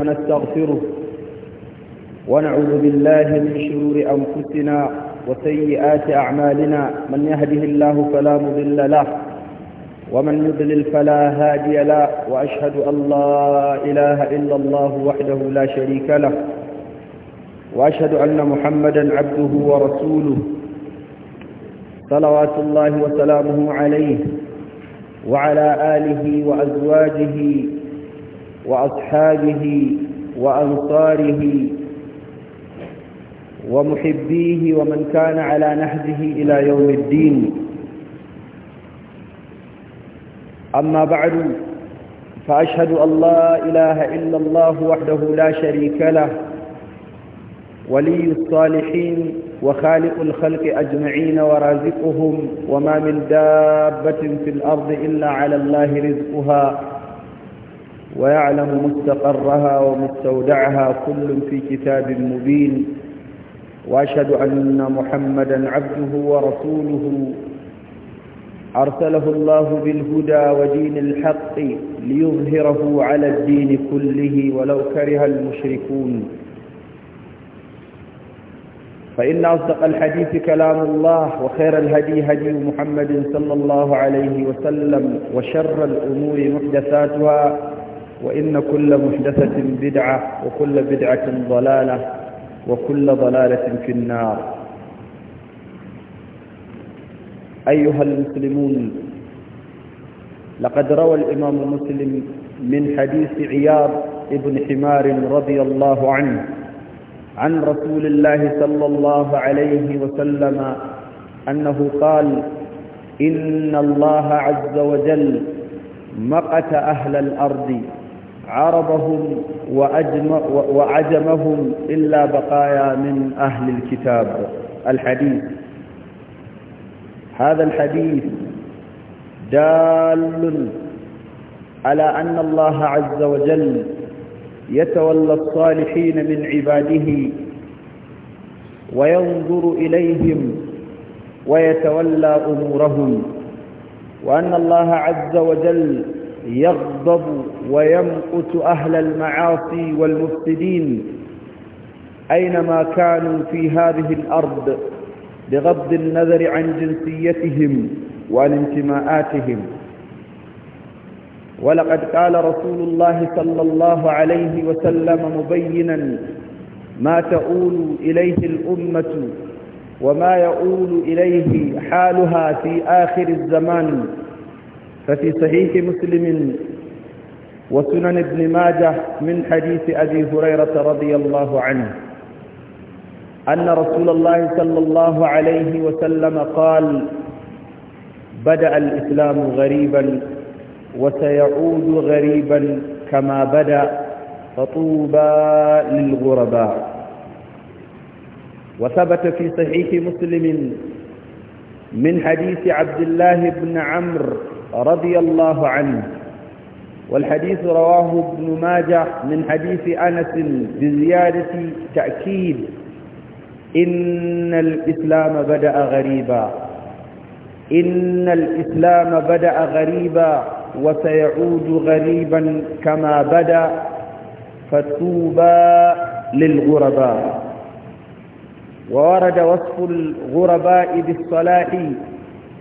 ونستغفره ونعوذ بالله من شرور أنفسنا وسيئات أعمالنا من يهده الله فلا مضل له ومن يضلل فلا هادي له وأشهد أن لا إله إلا الله وحده لا شريك له وأشهد أن محمدا عبده ورسوله صلوات الله وسلامه عليه وعلى آله وأزواجه وأصحابه وأنصاره ومحبيه ومن كان على نهجه إلى يوم الدين أما بعد فأشهد أن لا إله إلا الله وحده لا شريك له ولي الصالحين وخالق الخلق أجمعين ورازقهم وما من دابة في الأرض إلا على الله رزقها ويعلم مستقرها ومستودعها كل في كتاب مبين وأشهد أن محمدا عبده ورسوله أرسله الله بالهدى ودين الحق ليظهره على الدين كله ولو كره المشركون فإن أصدق الحديث كلام الله وخير الهدي هدي محمد صلى الله عليه وسلم وشر الأمور محدثاتها وإن كل محدثة بدعة وكل بدعة ضلالة وكل ضلالة في النار أيها المسلمون لقد روى الإمام مسلم من حديث عياض ابن حمار رضي الله عنه عن رسول الله صلى الله عليه وسلم أنه قال إن الله عز وجل مقت أهل الأرض عرضهم وعجمهم إلا بقايا من أهل الكتاب الحديث هذا الحديث دال على أن الله عز وجل يتولى الصالحين من عباده وينظر إليهم ويتولى أمورهم وأن الله عز وجل يغضب ويمقت أهل المعاصي والمفسدين أينما كانوا في هذه الأرض بغض النظر عن جنسيتهم وعن انتماءاتهم ولقد قال رسول الله صلى الله عليه وسلم مبينا ما تؤول إليه الأمة وما يؤول إليه حالها في آخر الزمان ففي صحيح مسلم وسنن ابن ماجه من حديث أبي هريرة رضي الله عنه أن رسول الله صلى الله عليه وسلم قال بدأ الإسلام غريبا وسيعود غريبا كما بدأ فطوبى للغرباء وثبت في صحيح مسلم من حديث عبد الله بن عمرو رضي الله عنه والحديث رواه ابن ماجه من حديث أنس بزيادة تأكيد إن الإسلام بدأ غريبا إن الإسلام بدأ غريبا وسيعود غريبا كما بدأ فتوبى للغرباء وورد وصف الغرباء بالصلاح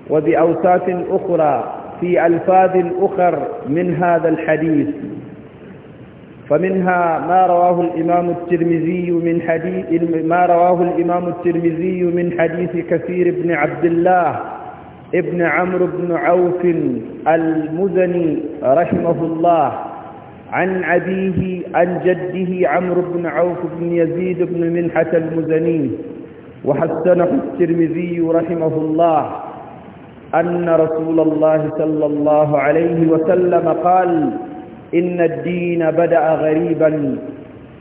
وبأوساط أخرى في ألفاظ أخر من هذا الحديث فمنها ما رواه الإمام الترمذي من حديث ما رواه الإمام الترمذي من حديث كثير بن عبد الله ابن عمرو بن عوف المزني رحمه الله عن أبيه عن جده عمرو بن عوف بن يزيد بن منحة المزني وحسنه الترمذي رحمه الله أن رسول الله صلى الله عليه وسلم قال إن الدين بدأ غريبا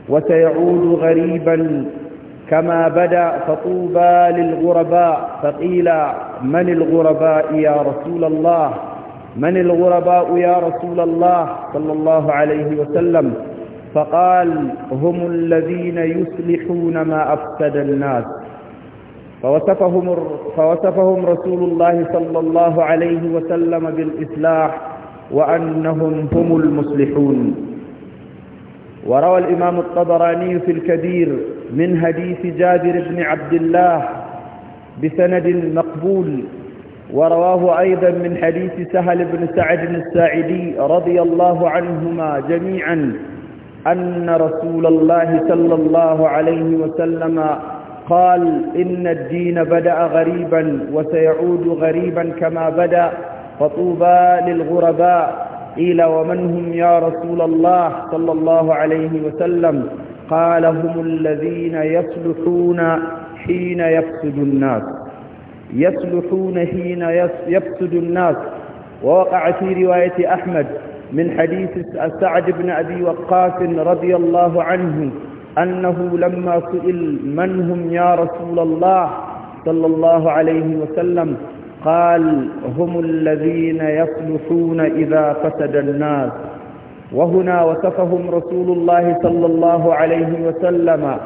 وسيعود غريبا كما بدأ فطوبى للغرباء فقيل من الغرباء يا رسول الله من الغرباء يا رسول الله صلى الله عليه وسلم فقال هم الذين يصلحون ما أفسد الناس فوصفهم, فوصفهم رسول الله صلى الله عليه وسلم بالإصلاح وأنهم هم المصلحون وروى الإمام الطبراني في الكبير من حديث جابر بن عبد الله بسند مقبول ورواه أيضا من حديث سهل بن سعد الساعدي رضي الله عنهما جميعا أن رسول الله صلى الله عليه وسلم قال إن الدين بدأ غريبا وسيعود غريبا كما بدأ فطوبى للغرباء قيل ومن هم يا رسول الله صلى الله عليه وسلم قال هم الذين يصلحون حين يفسد الناس يصلحون حين يفسد الناس ووقع في رواية أحمد من حديث سعد بن أبي وقاص رضي الله عنه أنه لما سئل من هم يا رسول الله صلى الله عليه وسلم قال هم الذين يصلحون إذا فسد الناس وهنا وصفهم رسول الله صلى الله عليه وسلم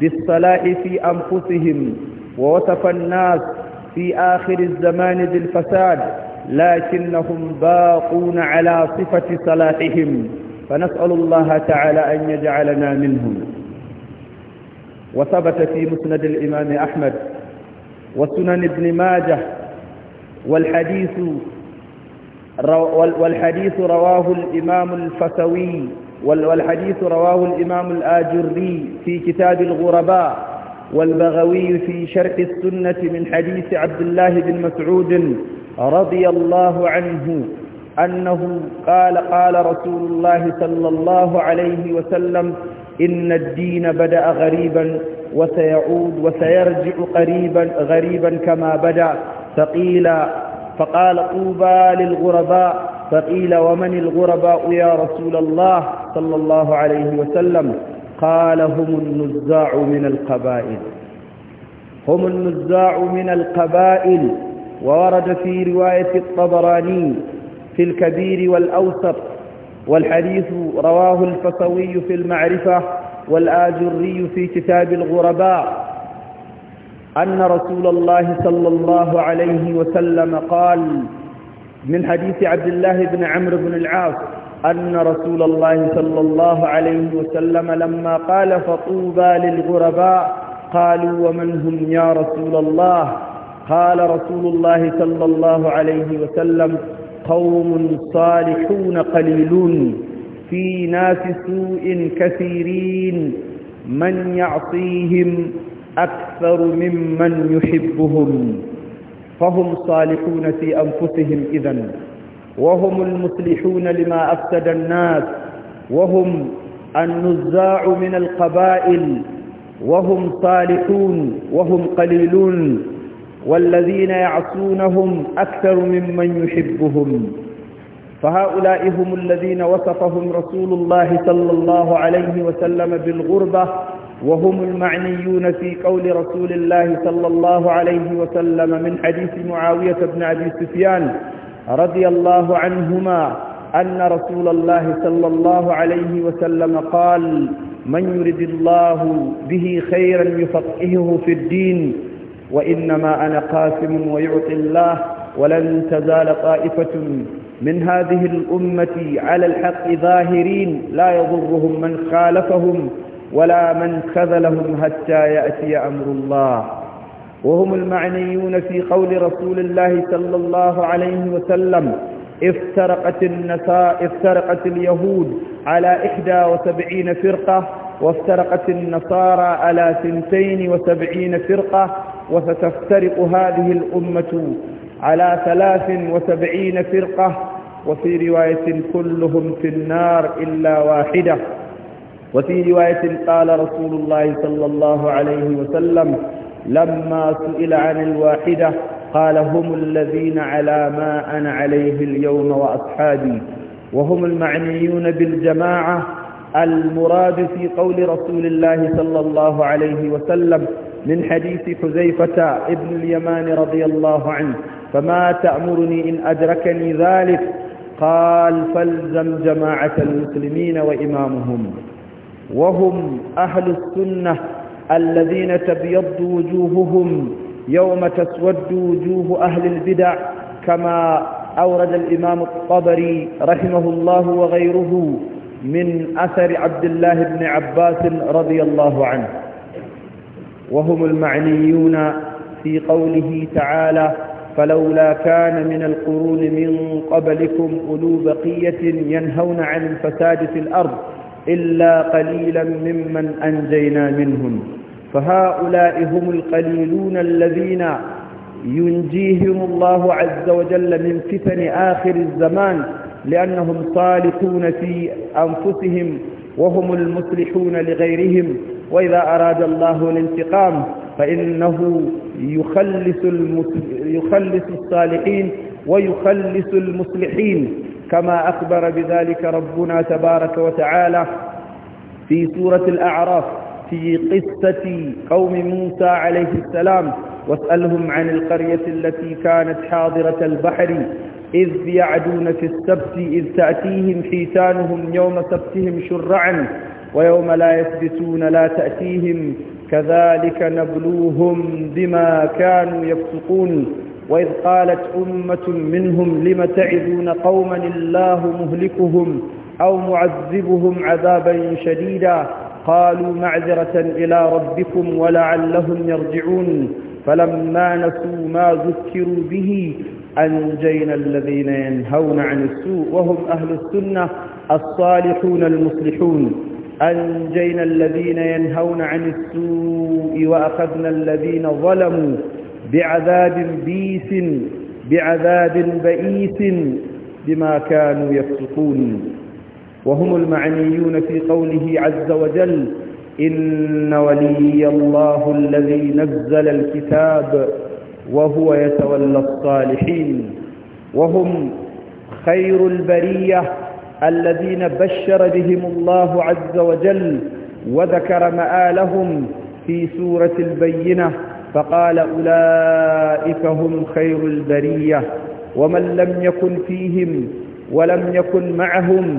بالصلاح في أنفسهم ووصف الناس في آخر الزمان بالفساد لكنهم باقون على صفة صلاحهم فنسأل الله تعالى أن يجعلنا منهم وثبت في مسند الإمام أحمد وسنن ابن ماجه والحديث والحديث رواه الإمام الفسوي والحديث رواه الإمام الآجري في كتاب الغرباء والبغوي في شرح السنة من حديث عبد الله بن مسعود رضي الله عنه أنه قال قال رسول الله صلى الله عليه وسلم إن الدين بدأ غريبا وسيعود وسيرجع قريبا غريبا كما بدأ فقيل فقال طوبى للغرباء فقيل ومن الغرباء يا رسول الله صلى الله عليه وسلم قال هم النزاع من القبائل هم النزاع من القبائل وورد في رواية الطبراني في الكبير والأوسط والحديث رواه الفصوي في المعرفة والآجري في كتاب الغرباء أن رسول الله صلى الله عليه وسلم قال من حديث عبد الله بن عمرو بن العاص أن رسول الله صلى الله عليه وسلم لما قال فطوبى للغرباء قالوا ومن هم يا رسول الله قال رسول الله صلى الله عليه وسلم قوم صالحون قليلون في ناس سوء كثيرين من يعصيهم أكثر ممن يحبهم فهم صالحون في أنفسهم إذا وهم المصلحون لما أفسد الناس وهم النزاع من القبائل وهم صالحون وهم قليلون والذين يعصونهم أكثر ممن يحبهم فهؤلاء هم الذين وصفهم رسول الله صلى الله عليه وسلم بالغربة وهم المعنيون في قول رسول الله صلى الله عليه وسلم من حديث معاوية بن أبي سفيان رضي الله عنهما أن رسول الله صلى الله عليه وسلم قال من يرد الله به خيرا يفقهه في الدين وإنما أنا قاسم ويعطي الله ولن تزال طائفة من هذه الأمة على الحق ظاهرين لا يضرهم من خالفهم ولا من خذلهم حتى يأتي أمر الله وهم المعنيون في قول رسول الله صلى الله عليه وسلم افترقت النساء افترقت اليهود على 71 فرقة وافترقت النصارى على ثنتين وسبعين فرقة وستفترق هذه الأمة على ثلاث وسبعين فرقة وفي رواية كلهم في النار إلا واحدة وفي رواية قال رسول الله صلى الله عليه وسلم لما سئل عن الواحدة قال هم الذين على ما أنا عليه اليوم وأصحابي وهم المعنيون بالجماعة المراد في قول رسول الله صلى الله عليه وسلم من حديث حذيفة ابن اليمان رضي الله عنه فما تأمرني إن أدركني ذلك قال فالزم جماعة المسلمين وإمامهم وهم أهل السنة الذين تبيض وجوههم يوم تسود وجوه أهل البدع كما أورد الإمام الطبري رحمه الله وغيره من أثر عبد الله بن عباس رضي الله عنه وهم المعنيون في قوله تعالى فلولا كان من القرون من قبلكم أولو بقية ينهون عن الفساد في الأرض إلا قليلا ممن أنجينا منهم فهؤلاء هم القليلون الذين ينجيهم الله عز وجل من فتن آخر الزمان لأنهم صالحون في أنفسهم وهم المصلحون لغيرهم وإذا أراد الله الانتقام فإنه يخلص, يخلص الصالحين ويخلص المصلحين كما أخبر بذلك ربنا تبارك وتعالى في سورة الأعراف في قصة قوم موسى عليه السلام واسألهم عن القرية التي كانت حاضرة البحر إذ يعدون في السبت إذ تأتيهم حيتانهم يوم سبتهم شرعا ويوم لا يسبتون لا تأتيهم كذلك نبلوهم بما كانوا يفسقون وإذ قالت أمة منهم لم تعدون قوما الله مهلكهم أو معذبهم عذابا شديدا قالوا معذرة إلى ربكم ولعلهم يرجعون فلما نسوا ما ذكروا به أنجينا الذين ينهون عن السوء وهم أهل السنة الصالحون المصلحون أنجينا الذين ينهون عن السوء وأخذنا الذين ظلموا بعذاب بيس بعذاب بئيس بما كانوا يفسقون وهم المعنيون في قوله عز وجل إن ولي الله الذي نزل الكتاب وهو يتولى الصالحين وهم خير البرية الذين بشر بهم الله عز وجل وذكر مآلهم في سورة البينة فقال أولئك هم خير البرية ومن لم يكن فيهم ولم يكن معهم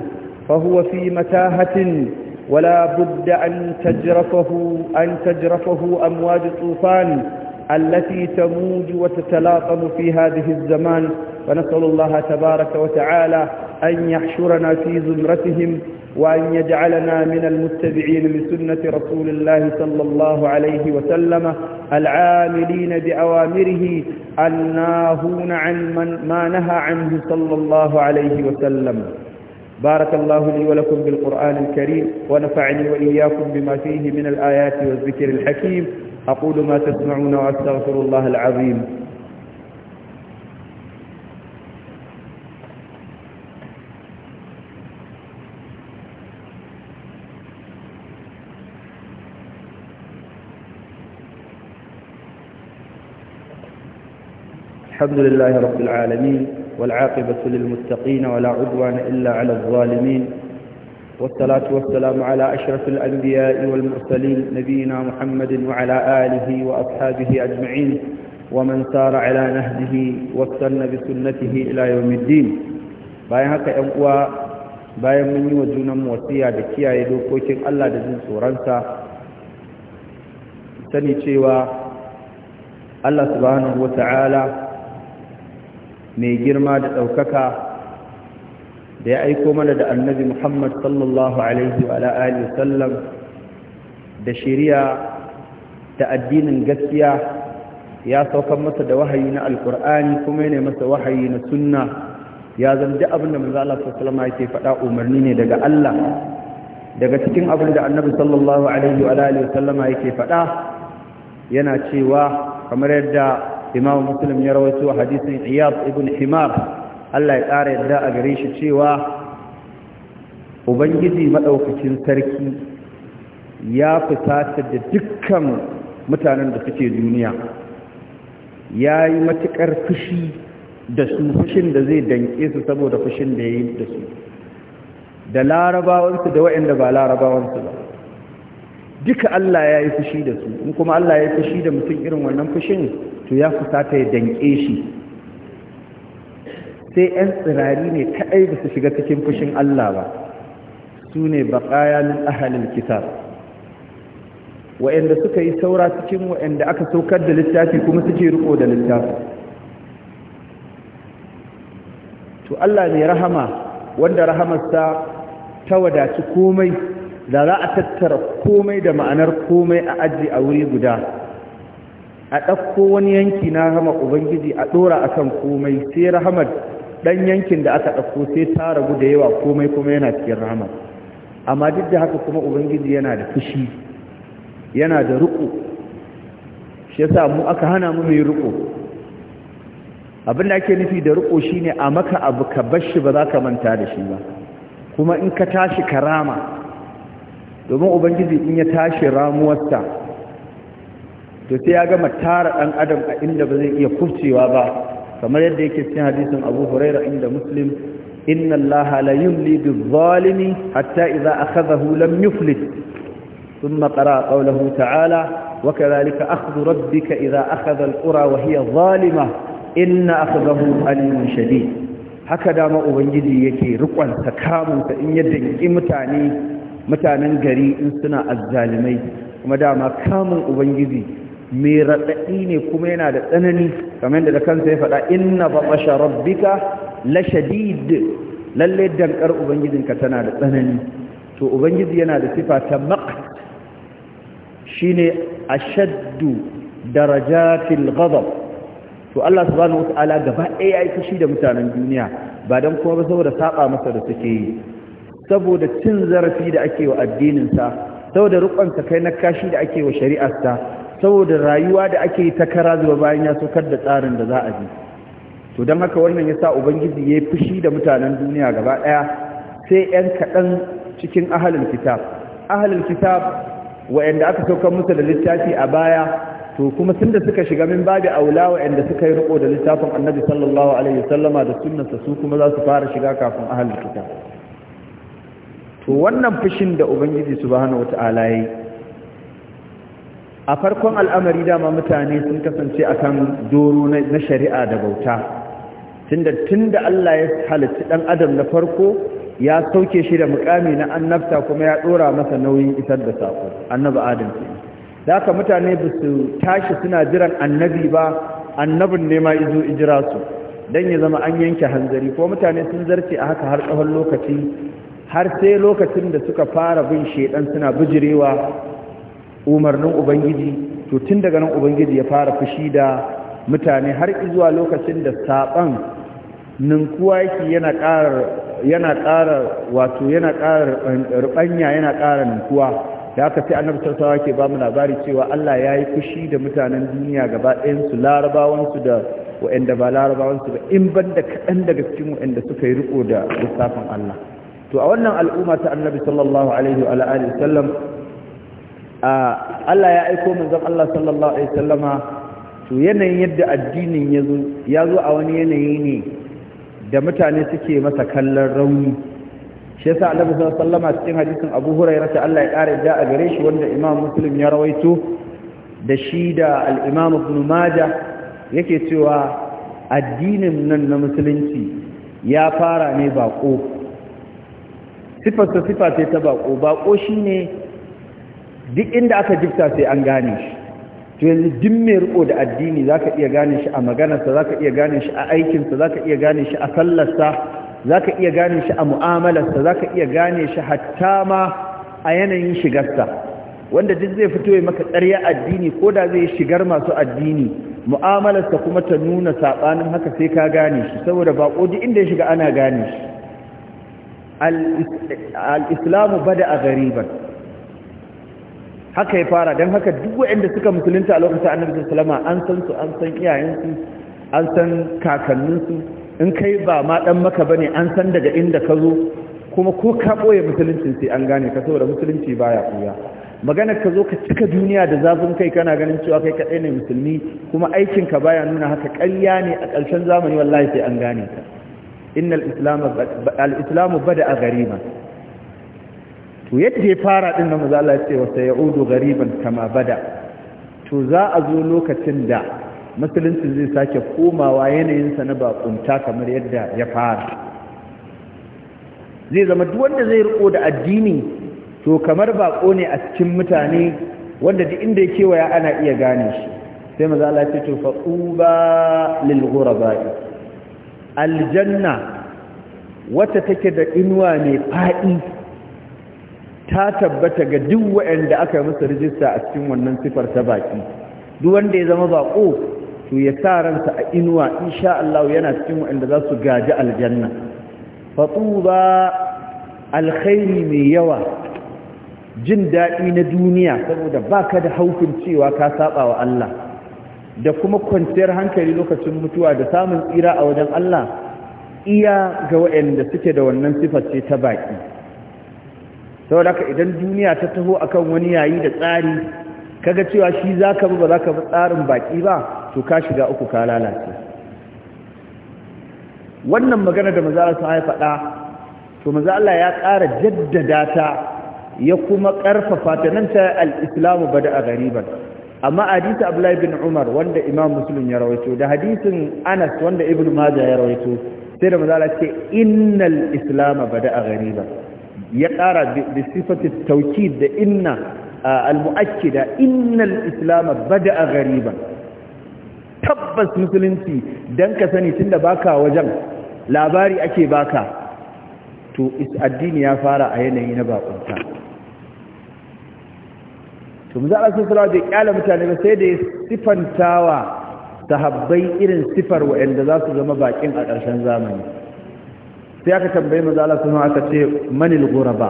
فهو في متاهة ولا بد أن تجرفه, أن تجرفه أمواج الطوفان التي تموج وتتلاطم في هذه الزمان فنسأل الله تبارك وتعالى أن يحشرنا في زمرتهم وأن يجعلنا من المتبعين لسنة رسول الله صلى الله عليه وسلم العاملين بأوامره الناهون عن من ما نهى عنه صلى الله عليه وسلم بارك الله لي ولكم بالقرآن الكريم ونفعني وإياكم بما فيه من الآيات والذكر الحكيم أقول ما تسمعون وأستغفر الله العظيم الحمد لله رب العالمين والعاقبة للمتقين ولا عدوان إلا على الظالمين والصلاة والسلام على أشرف الأنبياء والمرسلين نبينا محمد وعلى آله وأصحابه أجمعين ومن سار على نهجه واستنى بسنته إلى يوم الدين bayan haka ‘yan uwa bayan mun yi wa junanmu wasiya da kiyaye dokokin Allah da jin tsoronsa sani cewa Allah subhanahu ta'ala mai girma da ɗaukaka da ya aiko mana da annabi Muhammad sallallahu alaihi wa alihi sallam da shari'a ta addinin gaskiya ya saukar masa da wahayi na alkur'ani kuma yana masa wahayi na sunna ya zanda abin da manzo Allah sallallahu alaihi yake faɗa umarni ne daga Allah daga cikin abin da annabi sallallahu alaihi wa alihi sallama yake faɗa yana cewa kamar yadda Imam Muslim ya rawaito hadisin Iyad ibn Himar Allah ya ƙara yadda a gare shi cewa ubangiji maɗaukacin sarki ya fusata da dukkan mutanen da suke duniya ya yi matuƙar fushi da su fushin da zai danƙe su saboda fushin da ya yi da su da larabawansu da waɗanda ba larabawansu ba duka Allah ya yi fushi da su kuma Allah ya yi fushi da mutum irin wannan fushin to ya fusata ya danƙe shi sai 'yan tsirari ne kaɗai ba su shiga cikin fushin Allah ba su ne baƙaya min ahalin kitab wa'anda suka yi saura cikin wa'anda aka saukar da littafi kuma suke riko da littafi to Allah ne rahama wanda rahamarsa ta wadaci komai da za a tattara komai da ma'anar komai a aji a wuri guda a ɗauko wani yanki na rama ubangiji a ɗora a kan komai sai rahamar dan yankin da aka ɗauko sai ta ragu da yawa komai kuma yana cikin rahama amma duk da haka kuma ubangiji yana da fushi yana da ruku shi yasa mu aka hana mu mai ruku abin da ake nufi da riƙo shine a maka abu ka bar shi ba za ka manta da shi ba kuma in ka tashi karama domin ubangiji in ya tashi ramuwarsa to sai ya gama tara ɗan adam a inda ba zai iya kurcewa ba kamar yadda yake cikin hadisin Abu Huraira inda Muslim inna Allah la yumli bizalimi hatta idza akhadhahu lam yuflit thumma qara qawluhu ta'ala wa kadhalika akhdhu rabbika idza akhadha al-qura wa hiya zalimah inna akhdahu alimun shadid haka dama ubangiji yake rikonta kamunta in yadda ki mutane mutanen gari in suna azzalimai kuma dama kamun ubangiji mai raɗaɗi ne kuma yana da tsanani kamar da kansa ya faɗa inna batasha rabbika la shadid lalle dankar ubangijinka tana da tsanani to ubangiji yana da sifa ta maqt shine ashaddu darajatil ghadab to Allah subhanahu wataala gaba ɗaya yayi fushi da mutanen duniya ba dan kuma ba saboda saba masa da suke yi saboda cin zarafi da ake wa addinin sa saboda rukunsa kai na kashi da ake wa shari'ar sa saboda rayuwa da ake ta kara zuwa bayan ya saukar da tsarin da za a bi to don haka wannan ya sa ubangiji ya fushi da mutanen duniya gaba ɗaya sai 'yan kaɗan cikin ahalin kitab ahalin kitab wa'anda aka saukar musu da littafi a baya to kuma da suka shiga min babi aula wa'anda suka yi riko da littafin annabi sallallahu alaihi wasallama da sunnarsa su kuma za su fara shiga kafin ahalin kitab to wannan fushin da ubangiji subhanahu wata'ala ya yi a farkon al'amari dama mutane sun kasance a kan doro na shari'a da bauta tunda tunda Allah ya halitta dan adam na farko ya sauke shi da mukami na annabta kuma ya dora masa nauyin isar da sako annabi adam da ka mutane ba su tashi suna jiran annabi ba annabin ne ma izo ijira su don ya zama an yanke hanzari ko mutane sun zarce a haka har tsawon lokaci har sai lokacin da suka fara bin shedan suna bijirewa umarnin ubangiji to tun daga nan ubangiji ya fara fushi da mutane har zuwa lokacin da saban ninkuwa yake yana ƙara yana ƙara wato yana ƙara rubanya yana ƙara ninkuwa da aka fi annabi sallallahu ke ba mu labari cewa Allah ya yi fushi da mutanen duniya gaba ɗayan su da waɗanda ba larabawan su ba in ban da kaɗan daga cikin waɗanda suka yi riƙo da lissafin Allah to a wannan al'umma ta annabi sallallahu alaihi wa sallam Allah ya aiko manzon Allah sallallahu alaihi wasallama to yanayin yadda addinin ya zo a wani yanayi ne da mutane suke masa kallon rauni shi yasa Annabi sallallahu alaihi wasallama cikin hadisin Abu Hurairah ta Allah ya kare da a gare shi wanda Imam Muslim ya rawaito da shi da al-Imam Ibn Majah yake cewa addinin nan na musulunci ya fara ne bako sifarsa sifa ta bako bako shine duk inda aka jifta sai an gane shi to yanzu duk mai riko da addini zaka iya gane shi a maganarsa zaka iya gane shi a aikinsa zaka iya gane shi a sallarsa zaka iya gane shi a mu'amalarsa zaka iya gane shi hatta ma a yanayin shigarsa wanda duk zai fito ya maka ƙarya addini ko da zai shigar masu addini mu'amalarsa kuma ta nuna saɓanin haka sai ka gane shi saboda baƙo duk inda ya shiga ana gane shi al-islamu bada a gariban haka ya fara don haka duk waɗanda suka musulunta a lokacin annabi sallama an san su an san iyayensu an san kakanninsu in kai ba ma dan maka bane an san daga inda ka zo kuma ko ka ɓoye musuluncin sai an gane ka saboda musulunci baya kuya maganar ka zo ka cika duniya da zafin kai kana ganin cewa kai kaɗai ne musulmi kuma aikin ka baya nuna haka ƙarya ne a ƙarshen zamani wallahi sai an gane ka innal islamu bada a gari ba. to yadda ya fara din nan maza Allah ya ce wa yaudu ghariban kama bada to za a zo lokacin da musulunci zai sake komawa yanayin sa na bakunta kamar yadda ya fara zai zama duk wanda zai riko da addini to kamar bako ne a cikin mutane wanda duk inda ya kewaya ana iya gane shi sai maza Allah ce to faquba lil ghurabai aljanna wata take da inuwa mai fa'i ta tabbata ga duk waɗanda aka yi masa rijista a cikin wannan sifar ta baki duk wanda ya zama baƙo to ya sa ransa a inuwa insha Allah yana cikin waɗanda za su gaji aljanna fatuba alkhairi mai yawa jin daɗi na duniya saboda ba ka da haukun cewa ka saba wa Allah da kuma kwanciyar hankali lokacin mutuwa da samun tsira a wajen Allah iya ga waɗanda suke da wannan sifar ce ta baƙi. saboda haka idan duniya ta taho a kan wani yayi da tsari kaga cewa shi zaka bi ba za ka fi tsarin baki ba to ka shiga uku ka lalace wannan magana da Maza'ar Allah faɗa to manzo Allah ya ƙara jaddada ta ya kuma ƙarfafa ta nan ta al-islamu bada'a gariban amma hadisi Abdullahi bin Umar wanda Imam Muslim ya rawaito da hadisin Anas wanda Ibn Majah ya rawaito sai da manzo Allah ce innal islama bada'a ghariban ya ƙara da sifatis tauki da inna al inna innal islam bada'a ghariban tabbas musulunci dan ka sani tunda baka wajen labari ake baka to addini ya fara a yanayi na bakunta to mu za a sosara da kyala mutane ba sai da ya sifantawa sahabbai irin sifar waɗanda za su zama bakin a ƙarshen zamani sai aka tambayi manzo Allah sun aka ce manil ghuraba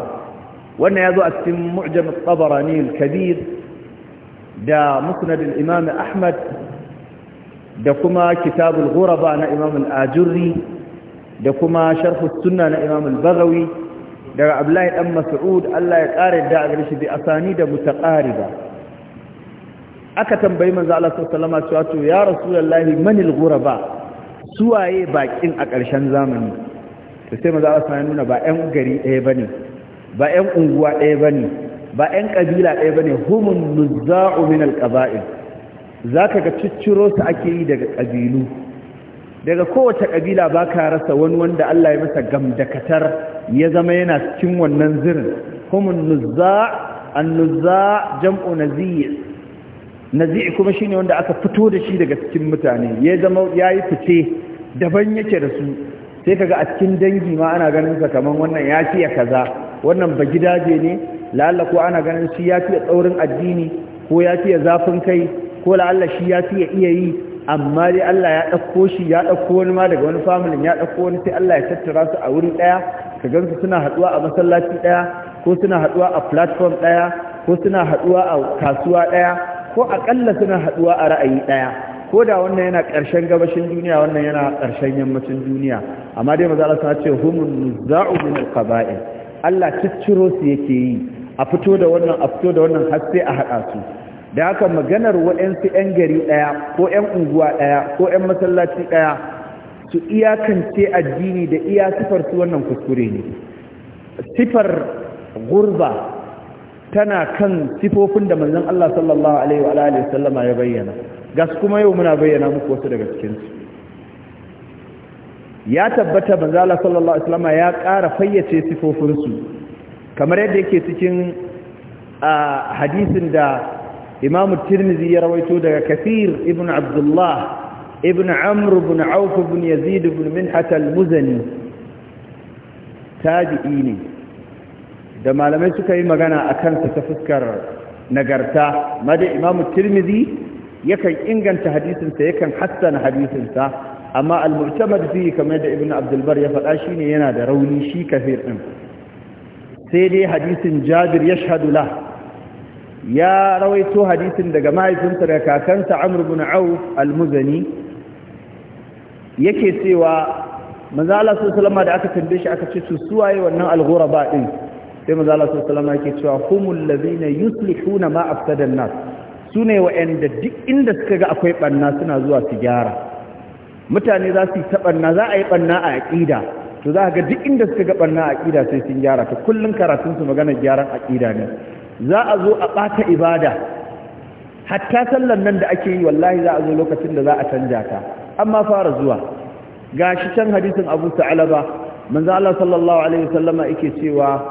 wannan zo a cikin mu'jam at-tabarani kabir da musnad al-imam ahmad da kuma kitab al-ghuraba na imam al-ajurri da kuma sharh as na imam al-baghawi daga abdullahi dan mas'ud Allah ya kare da gare shi bi asani da mutaqariba aka tambayi manzo Allah sallallahu alaihi wasallam cewa ya rasulullahi manil ghuraba suwaye bakin a ƙarshen zamani to sai maza Allah ya nuna ba 'yan gari ɗaya ba ne ba 'yan unguwa ɗaya ba ne ba 'yan ƙabila ɗaya ba ne humun nuzza'u min alƙaba'il za ka ga cicciro su ake yi daga ƙabilu daga kowace ƙabila ba ka rasa wani wanda Allah ya masa gamdakatar ya zama yana cikin wannan zirin humun nuzza' an nuzza' jam'u nazi'i nazi'i kuma shine wanda aka fito da shi daga cikin mutane ya zama yayi fice daban yake da su sai kaga a cikin dangi ma ana ganin sa kaman wannan ya fiye kaza wannan ba gidaje ne lalla ko ana ganin shi ya fiye tsaurin addini ko ya fiye zafin kai ko la'alla shi ya fiye iya yi amma dai Allah ya ɗauko shi ya ɗauko wani ma daga wani familin ya ɗauko wani sai Allah ya tattara su a wuri ɗaya ka gansu suna haɗuwa a masallaci ɗaya ko suna haɗuwa a platform ɗaya ko suna haɗuwa a kasuwa ɗaya ko aƙalla suna haɗuwa a ra'ayi ɗaya ko da wannan yana ƙarshen gabashin duniya wannan yana ƙarshen yammacin duniya amma dai maza Allah ce humun nuzza'u min alqaba'il Allah cicciro su yake yi a fito da wannan a fito da wannan har sai a haɗa su da haka maganar waɗansu 'yan gari ɗaya ko 'yan unguwa ɗaya ko 'yan masallaci ɗaya su iyakance addini da iya sifar su wannan kuskure ne sifar gurba tana kan sifofin da manzon Allah sallallahu alaihi wa alihi ya bayyana ga kuma yau muna bayyana muku wasu daga cikinsu ya tabbata manzala sallallahu alaihi wasallam ya ƙara fayyace sifofinsu kamar yadda yake cikin hadisin da imam tirmizi ya rawaito daga kasir ibn abdullah ibn amr ibn auf ibn yazid ibn minhat al-muzani tabi'i ne da malamai suka yi magana a kansa ta fuskar nagarta mada imam tirmizi yakan inganta hadisinsa yakan hassana hadisinsa amma al-mu'tamad fi kamar da ibnu abdulbar ya faɗa shine yana da rauni shi kafir din sai dai hadisin jabir yashhadu la ya rawaito hadisin daga mahaifinsa daga kakansa amr ibn al-muzani yake cewa manzo Allah sallallahu da aka tambaye shi aka ce su suwaye wannan al-ghuraba din sai manzo Allah sallallahu alaihi wasallam yake cewa humul ladina yuslihuna ma afsada an-nas su ne wa'anda duk inda suka ga akwai ɓanna suna zuwa su gyara mutane za su yi ta ɓanna za a yi ɓanna a aƙida to za ga duk inda suka ga ɓanna a aƙida sai sun gyara to kullum karatun su maganar gyaran aƙida ne za a zo a ɓata ibada hatta sallan nan da ake yi wallahi za a zo lokacin da za a canja ta amma fara zuwa ga shi can hadisin abu sa'alaba manzo Allah sallallahu alaihi wasallama yake cewa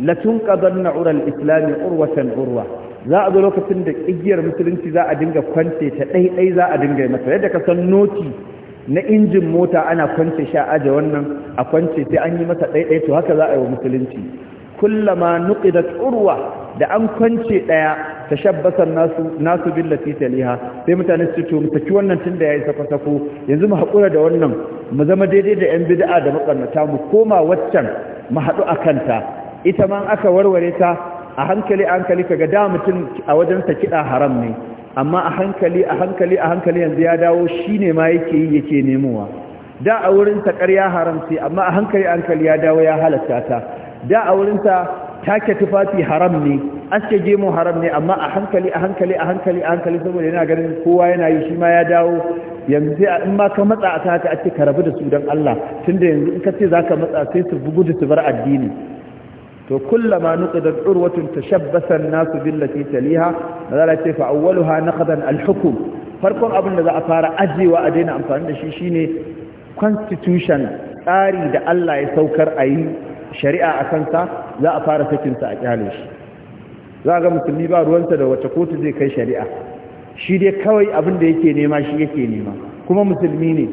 latun qadanna ural islami urwatan urwa za a zo lokacin da igiyar musulunci za a dinga kwance ta ɗaiɗai za a dinga masa yadda ka san noti na injin mota ana kwance sha aje wannan a kwance sai an yi masa ɗaiɗai to haka za a yi wa musulunci kullama nuqidat urwa da an kwance ɗaya ta shabbasan nasu nasu billati taliha sai mutane su ta mutaki wannan tun da ya yi sako-sako yanzu mu haƙura da wannan mu zama daidai da yan bid'a da makarnata mu koma waccan mu haɗu a kanta. ita ma aka warware ta a hankali a hankali kaga da mutum a wajensa kiɗa haram ne amma a hankali a hankali a hankali yanzu ya dawo shi ma yake yi yake nemowa da a wurinsa ƙarya haram ce amma a hankali a hankali ya dawo ya halatta ta da a wurinsa take tufafi haram ne aske gemu haram ne amma a hankali a hankali a hankali a hankali saboda yana ganin kowa yana yi shi ma ya dawo yanzu sai in ma ka matsa a ta ka ake ka da su don Allah tunda yanzu in ka ce za ka matsa sai su bugu da su bar addini to kullama nuqidat urwatun tashabbasa nasu billati taliha madara ce fa awwaluha naqdan al farkon abin da za a fara ajewa a daina amfani da shi shine constitution tsari da Allah ya saukar a yi shari'a a kansa za a fara sakinsa a kyale shi za ga musulmi ba ruwansa da wace kotu zai kai shari'a shi dai kawai abin da yake nema shi yake nema kuma musulmi ne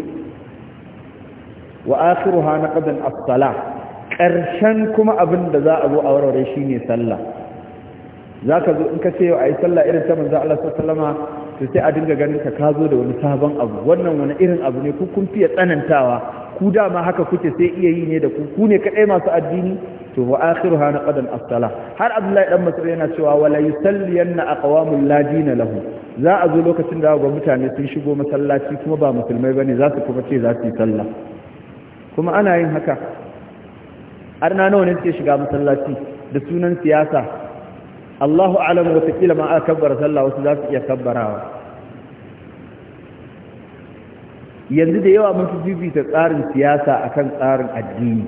wa akhiruha naqdan as-salah ƙarshen kuma abin da za a zo a warware shi ne sallah za ka zo in ka ce yau a yi sallah irin ta manzo Allah sallama to sai a dinga ganin ka ka zo da wani sabon abu wannan wani irin abu ne ku kun fiye tsanantawa ku dama haka kuke sai iya yi ne da ku ku ne kaɗai masu addini to wa akhiruha na qadan as-salah har Abdullahi dan Mas'ud yana cewa wala yusalliyanna aqwamul ladina lahu za a zo lokacin da ga mutane sun shigo masallaci kuma ba musulmai bane za su kuma ce za su yi sallah kuma ana yin haka har na nawa ne suke shiga masallaci da sunan siyasa Allahu alam wa taqila ma aka kabbara sallah wasu za su iya kabbarawa yanzu da yawa mun fi ta tsarin siyasa akan tsarin addini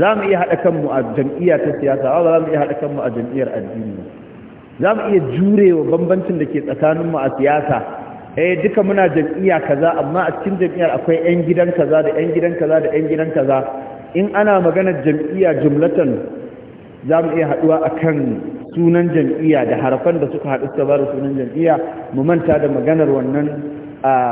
za mu iya haɗa kanmu a jam'iyya ta siyasa ba za mu iya haɗa kanmu a jam'iyyar addini za mu iya jurewa bambancin da ke tsakaninmu a siyasa eh duka muna jam'iyya kaza amma a cikin jam'iyyar akwai 'yan gidan kaza da 'yan gidan kaza da 'yan gidan kaza in ana maganar jam'iyya jumlatan za mu iya haɗuwa a kan sunan jam'iyya da harafan da suka haɗu suka ba da sunan jam'iyya mu manta da maganar wannan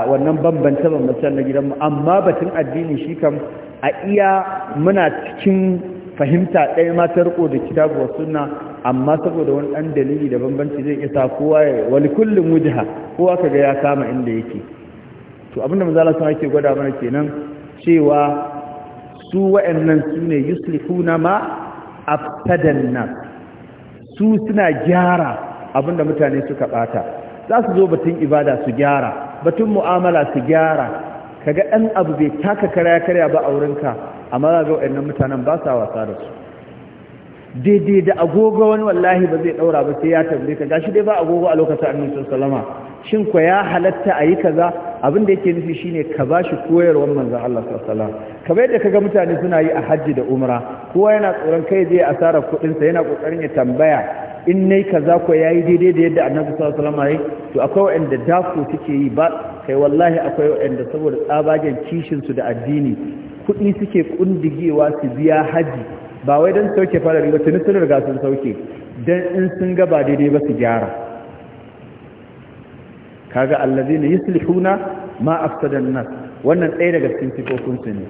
wannan bambance bambancen na gidanmu amma batun addini shi kam a iya muna cikin fahimta ɗaya ma ta riko da kitabu wa sunna amma saboda wani ɗan dalili da bambanci zai isa kowa ya wani kullum wujaha kowa kaga ya kama inda yake to abinda mazala sun ake gwada mana kenan cewa su wa'annan su ne na ma aftadan su suna gyara abinda mutane suka bata za su zo batun ibada su gyara batun mu'amala su gyara kaga ɗan abu bai taka karya karya ba a wurinka amma za ga wa'annan mutanen ba sa wasa da su daidai da agogo wani wallahi ba zai ɗaura ba sai ya tambaye ka gashi dai ba agogo a lokacin annabi sallallahu alaihi shin ko ya halatta yi kaza abin da yake nufi shine ka ba shi koyarwar manzon Allah sallallahu alaihi wasallam kamar yadda kaga mutane suna yi a hajji da umra kowa yana tsoron kai zai asara kudin sa yana kokarin ya tambaya in nayi kaza ko yayi daidai da yadda annabi sallallahu alaihi wasallam yayi to akwai wanda dako suke yi ba kai wallahi akwai wanda saboda tsabagen kishin su da addini kudi suke kundigewa su biya haji ba wai dan sauke fara ba tuni sun riga sun sauke don in sun ga ba daidai ba su gyara kaga allazina yuslihuna ma afsada nas wannan ɗaya daga cikin sifofin su ne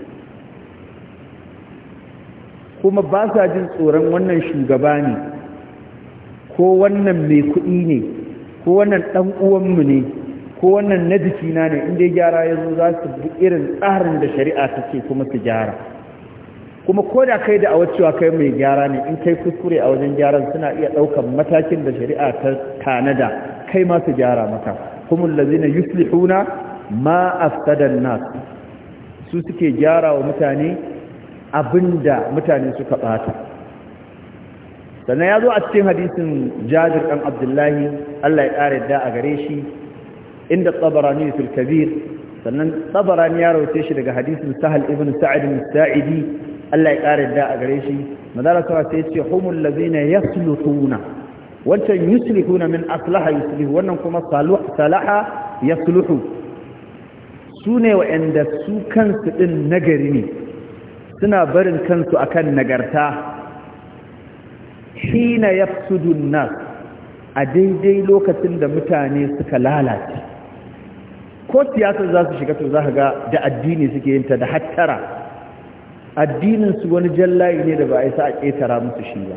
kuma ba sa jin tsoron wannan shugaba ne ko wannan mai kuɗi ne ko wannan ɗan uwanmu ne ko wannan na jikina ne inda gyara ya zo za su bi irin tsarin da shari'a ta ce kuma su gyara kuma ko da kai da a wacewa kai mai gyara ne in kai kuskure a wajen gyaran suna iya ɗaukar matakin da shari'a ta tanada kai ma su gyara maka humul lazina yuslihuna ma afsadan nas su suke gyara wa mutane abinda mutane suka bata sannan ya zo a cikin hadisin jajir ɗan abdullahi Allah ya kare da a gare shi inda tabarani fil kabir sannan tabarani ya rauce shi daga hadisin sahal ibn sa'id al-sa'idi Allah ya kare da a gare shi madara sa sai ya ce humul lazina yaslihuna wancan yuslihu na min aslaha yuslihu wannan kuma salaha ya suluhu su ne wa'anda su kansu ɗin nagari ne suna barin kansu akan nagarta hina ya nas a daidai lokacin da mutane suka lalace ko siyasar za su shiga to za ga da addini suke yinta ta da hattara addininsu wani jallayi ne da ba a yi sa a ƙetara musu shi ba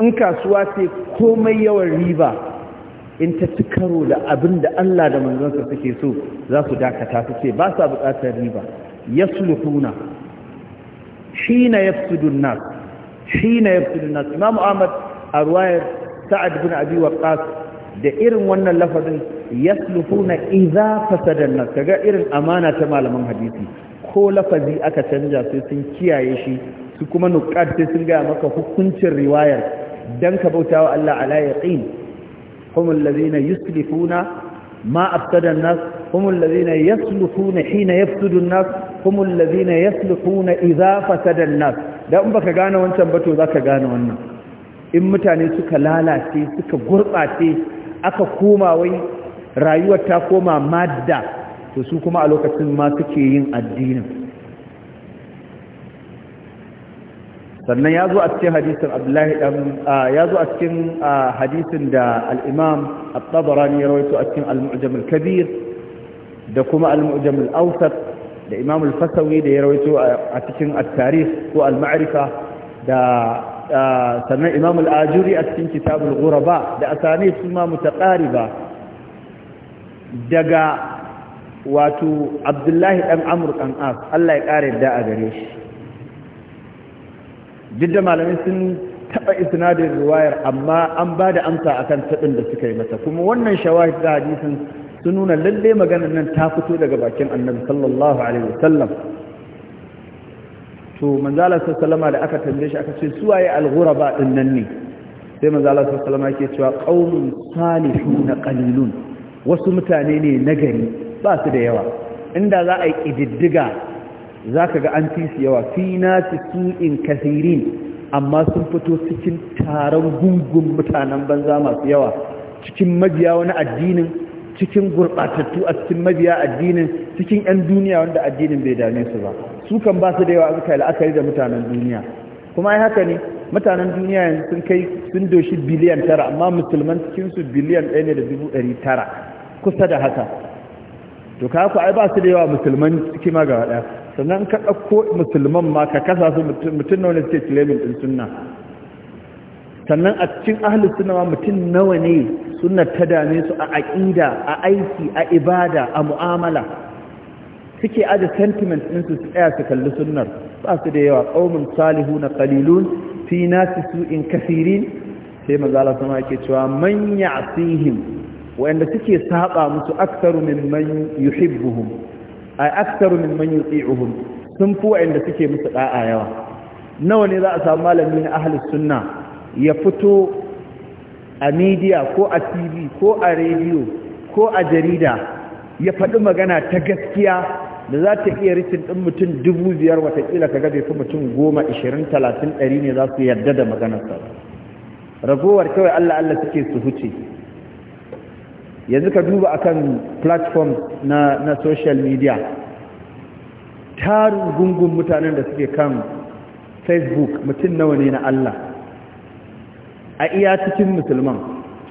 in kasuwa ce komai yawan riba in ta ci karo da abin da Allah da manzansa suke so za su dakata su ce ba sa buƙatar riba ya yasluhuna shina yafsudun nas ya yafsudun nas Imam Ahmad a ruwayar Sa'ad bin Abi Waqqas da irin wannan lafazin yasluhuna idza fasada nas kaga irin amana ta malaman hadisi ko lafazi aka canja sai sun kiyaye shi su kuma nukat sai sun gaya maka hukuncin riwayar dan ka bauta wa Allah ala yaqin hum alladhina yuslifuna ma afsada an-nas hum alladhina yaslufuna hina yafsudu an-nas hum alladhina yaslufuna idha fasada an-nas dan baka gane wancan ba to zaka gane wannan in mutane suka lalace suka gurbace aka koma wai rayuwar ta koma madda to su kuma a lokacin ma suke yin addinin sannan ya zo a cikin hadisin abdullahi dan ya zo a cikin hadisin da al-imam at-tabarani ya rawaito a cikin al-mu'jam al-kabir da kuma al-mu'jam al da imam al-fasawi da ya rawaito a cikin at-tarikh ko al maarifa da sannan imam al-ajuri a cikin kitab al-ghuraba da asani su ma ba daga wato abdullahi dan amr dan as Allah ya kare da a gare shi duk da malamai sun taɓa isnadin riwayar amma an ba da amsa akan taɓin da suka yi mata kuma wannan shawahid da hadisin sun nuna lalle maganar nan ta fito daga bakin annabi sallallahu alaihi wasallam to manzala sallama da aka tambaye shi aka ce waye al-ghuraba din nan ne sai manzala sallama yake cewa qaumun salihuna qalilun wasu mutane ne nagari ba su da yawa inda za a yi kididdiga za ka ga an fi su yawa fi na in kasirin amma sun fito cikin taron gungun mutanen banza masu yawa cikin mabiya wani addinin cikin gurɓatattu a cikin mabiya addinin cikin 'yan duniya wanda addinin bai dame su ba su kan ba su da yawa aka yi la'akari da mutanen duniya kuma ai haka ne mutanen duniya yanzu sun kai sun doshi biliyan tara amma musulman cikinsu biliyan ɗaya ne da dubu ɗari tara kusa da haka to ka ku ai ba su da yawa musulman cikin ma gaba ɗaya sannan ka ɗauko musulman ma ka kasa su mutum nawa ne suke kilemin ɗin sunna sannan a cikin ahalin suna ma mutum nawa ne suna ta dame su a aƙida a aiki a ibada a mu'amala suke aje sentiment ɗinsu su tsaya su kalli sunnar ba su da yawa ƙaumin salihu na ƙalilun fi nasi su in kafirin sai mazala sama yake cewa man ya'sihim wa'anda suke saba musu aksaru min man yuhibbuhum ay aktaru min man yuti'uhum sun fi wa'anda suke musu da'a yawa nawa ne za a samu malami na ahlus sunna ya fito a media ko a tv ko a radio ko a jarida ya faɗi magana ta gaskiya da za ta iya rikin ɗin mutum dubu biyar watakila ka gabe fi mutum goma ishirin talatin ɗari ne za su yarda da maganarsa ragowar kawai allah allah suke su huce yanzu ka duba akan platform na, na social media tarin gungun mutanen da suke kan facebook mutum nawa ne na Allah a iya cikin musulman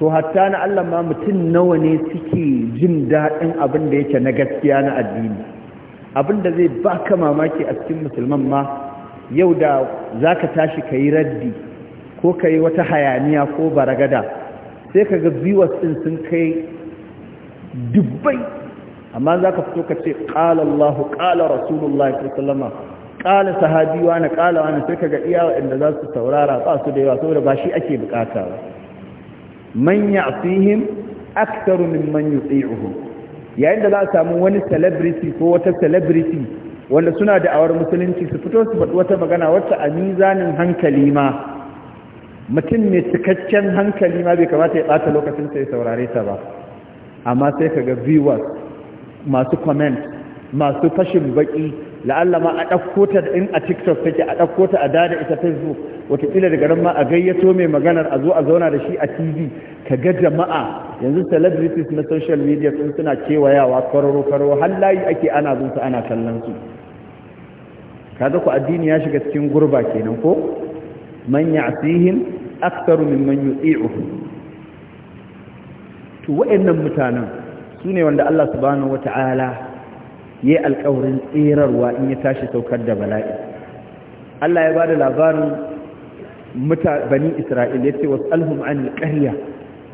to hatta na Allah ma mutum nawa ne suke jin daɗin abin da yake na gaskiya na addini abin da zai baka mamaki a cikin musulman ma yau da za ka tashi ka yi raddi ko ka yi wata hayaniya ko baragada sai ka ga viewers ɗin sun kai dubbai amma za ka fito ka ce ƙala Allah ƙala Rasulullah sallama ƙala sahabiwa na ƙala wani sai ka ga iya waɗanda za su saurara ba su da yawa saboda ba shi ake bukata ba man fihim aktaru min man yuti'uhu yayin da za a samu wani celebrity ko wata celebrity wanda suna da awar musulunci su fito su faɗi wata magana wata a mizanin hankali ma mutum mai cikakken hankali ma bai kamata ya ɓata lokacinsa ya saurare ta ba amma sai kaga viewers masu comment masu fashin baki la'alla ma a ɗauko ta in a tiktok take a ɗauko ta a dada ita facebook watakila daga ran ma a gayyato mai maganar a zo a zauna da shi a tv kaga jama'a yanzu celebrities na social media sun suna kewayawa kwararo kwararo har layi ake ana bin su ana kallon su kaga ku addini ya shiga cikin gurba kenan ko man ya'sihim aktsaru mimman yuti'uhu to waɗannan mutanen su ne wanda Allah subhanahu wata'ala ya yi alkawarin tserarwa in ya tashi saukar da bala'i Allah ya ba da labarin bani Isra'il ya ce wasu alhum an ƙarya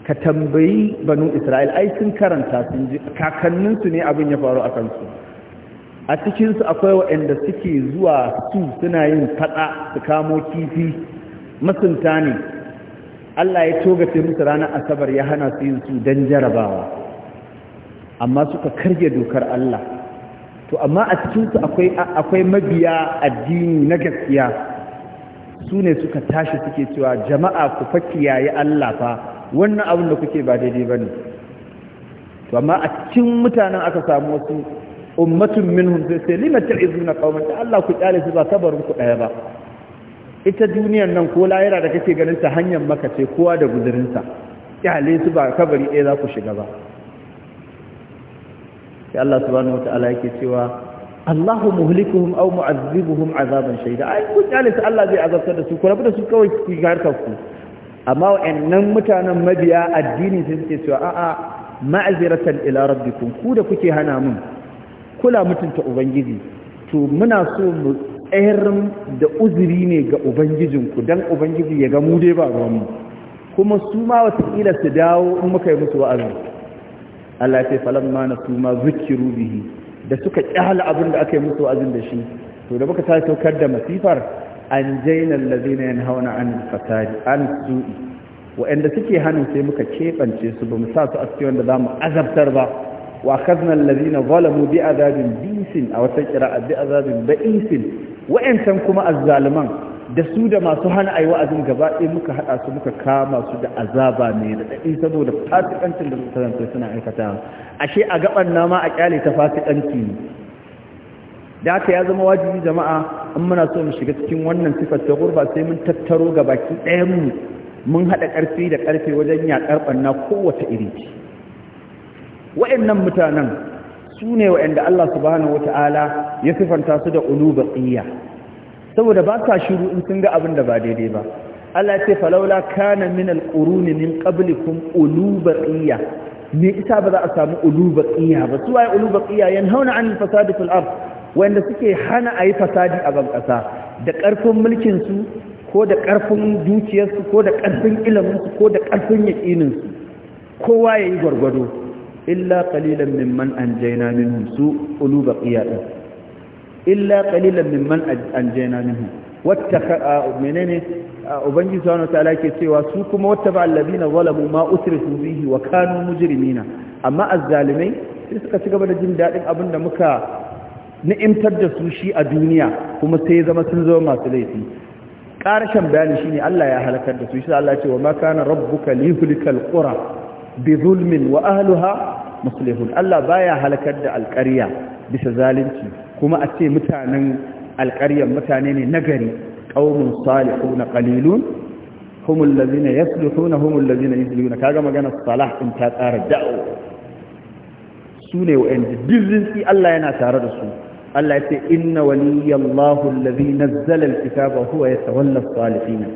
ka tambayi banu Isra'il ai sun karanta sun ji kakanninsu ne abin ya faru a kansu a cikinsu akwai waɗanda suke zuwa su suna yin faɗa su kamo kifi masunta ne Allah ya togace musu ranar asabar ya hana su yin su don jarabawa amma suka karge dokar Allah to amma a cikinsu akwai mabiya addini na gaskiya su ne suka tashi suke cewa jama'a ku ya yi Allah fa wannan abin da kuke ba daidai ba ne to amma a cikin mutanen aka samu wasu ummatun minhum sai sai lima ta'izuna qauman Allah ku kyale su ba sabarin ku ɗaya ba ita duniyan nan ko layira da kake ganin ta hanyar maka ce kowa da guzurinsa kyale su ba kabari ɗaya za ku shiga ba sai Allah subhanahu wataala yake cewa Allahu muhlikuhum aw mu'azzibuhum azaban shayda ai ku kyale su Allah zai azabtar da su ku rabu da su kawai ku harkar ku amma wa'annan mutanen mabiya addini sai suke cewa a'a ma'aziratan ila rabbikum ku da kuke hana mun kula mutunta ubangiji to muna so mu tsayar da uzuri ne ga ubangijinku don ubangiji ya ga mu dai ba ruwanmu kuma su ma watakila su dawo in muka yi musu wa'azi Allah ya ce falamma na su ma zikiru bihi da suka ƙyala abin da aka yi musu wa'azin da shi to da muka ta saukar da masifar an jaina allazina hauna an fasadi an su'i wa'anda suke hannu sai muka keɓance su ba mu sa su aske wanda za mu azabtar ba wa akhadna allazina zalamu bi azabin bisin a kira a bi azabin ba'isin wa'yancan kuma azzaliman da su da masu hana a yi wa'azin gaba ɗaya muka haɗa su muka kama su da azaba ne mai ɗaɗi saboda fasikancin da suka zanta suna aikata ashe a gaban nama a ƙyale ta fasikanci ne da haka ya zama wajibi jama'a in muna so mu shiga cikin wannan sifar ta gurba sai mun tattaro ga baki ɗayanmu mu mun haɗa ƙarfi da ƙarfe wajen yaƙar ɓanna kowace iri ce wa'annan mutanen su ne wa'anda Allah subhanahu ta'ala ya sifanta su da baƙiyya, saboda ba sa shiru in sun ga abin da ba daidai ba Allah ya ce falaula kana min alquruni min qablikum ulubaqiya me ita ba za a samu ulubaqiya ba su waye ulubaqiya yanhauna an fasadi fil ard wanda suke hana ayi fasadi a ban kasa da karfin mulkin su ko da karfin dukiyarsu ko da karfin ilimin su ko da karfin yakinin su kowa yayi gwargwado illa qalilan mimman anjayna minhum su qulub qiyada illa qalilan mimman anjayna minhum wattaka menene ubangi subhanahu ta'ala ke cewa su kuma wattaba alladhina zalamu ma usrifu bihi wa kanu mujrimina amma azzalimai sai suka ci gaba da jin dadin abin da muka ni'imtar da su shi a duniya kuma sai zama sun zama masu laifi ƙarashin bayani shine Allah ya halakar da su shi Allah ya ce wa ma kana rabbuka liyuhlikal qura bi zulmin wa ahluha muslihun Allah baya halakar da alƙarya bisa zalunci kuma a ce mutanen alƙaryar mutane ne nagari qaumun salihun qalilun humul ladina yaslihuna humul ladina yuslihuna kaga magana salah din ta tsara da'o su ne wa'anda dizzinsi Allah yana tare da su Allah ya ce inna waliyallahu allazi nazzala alkitaba huwa yatawalla as-salihin